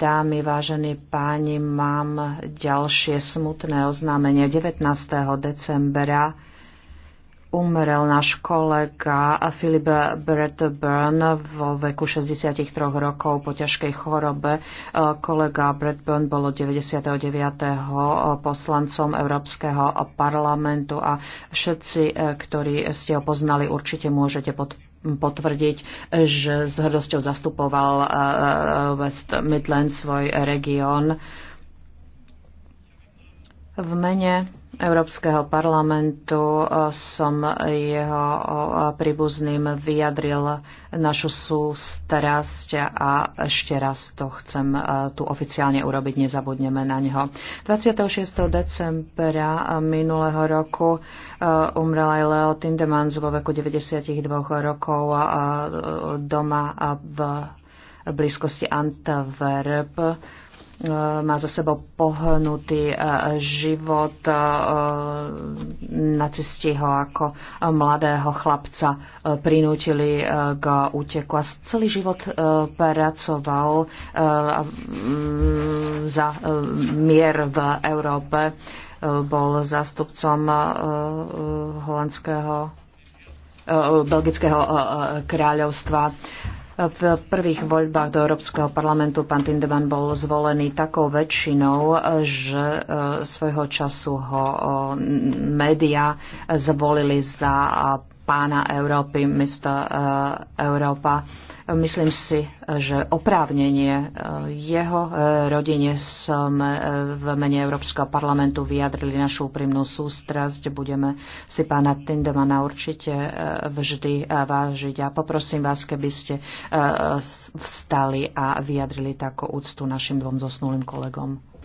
dámy, vážení páni, mám ďalšie smutné oznámenie. 19. decembra umrel náš kolega Filip Bradburn vo veku 63 rokov po ťažkej chorobe. Kolega Bradburn bol 99. poslancom Európskeho parlamentu a všetci, ktorí ste ho poznali, určite môžete podporiť potvrdiť, že s hrdosťou zastupoval eh, eh, West Midland svoj región v mene Európskeho parlamentu e, som jeho príbuzným vyjadril našu sústrasť a ešte raz to chcem e, tu oficiálne urobiť, nezabudneme na neho. 26. decembra minulého roku e, umrel aj Leo Tindemans vo veku 92 rokov doma v blízkosti Antwerp Eh, má za sebou pohnutý eh, život. Eh, Nacisti ho ako mladého chlapca prinútili k úteku a celý život pracoval mm, za mier v Európe. Bol zástupcom holandského belgického kráľovstva v prvých voľbách do Európskeho parlamentu pán Tindeman bol zvolený takou väčšinou, že e, svojho času ho e, médiá zvolili za pána Európy, mesta e, Európa. Myslím si, že oprávnenie e, jeho e, rodine sme v mene Európskeho parlamentu vyjadrili našu úprimnú sústrasť. Budeme si pána Tindemana určite vždy vážiť a poprosím vás, keby ste vstali a vyjadrili takú úctu našim dvom zosnulým kolegom.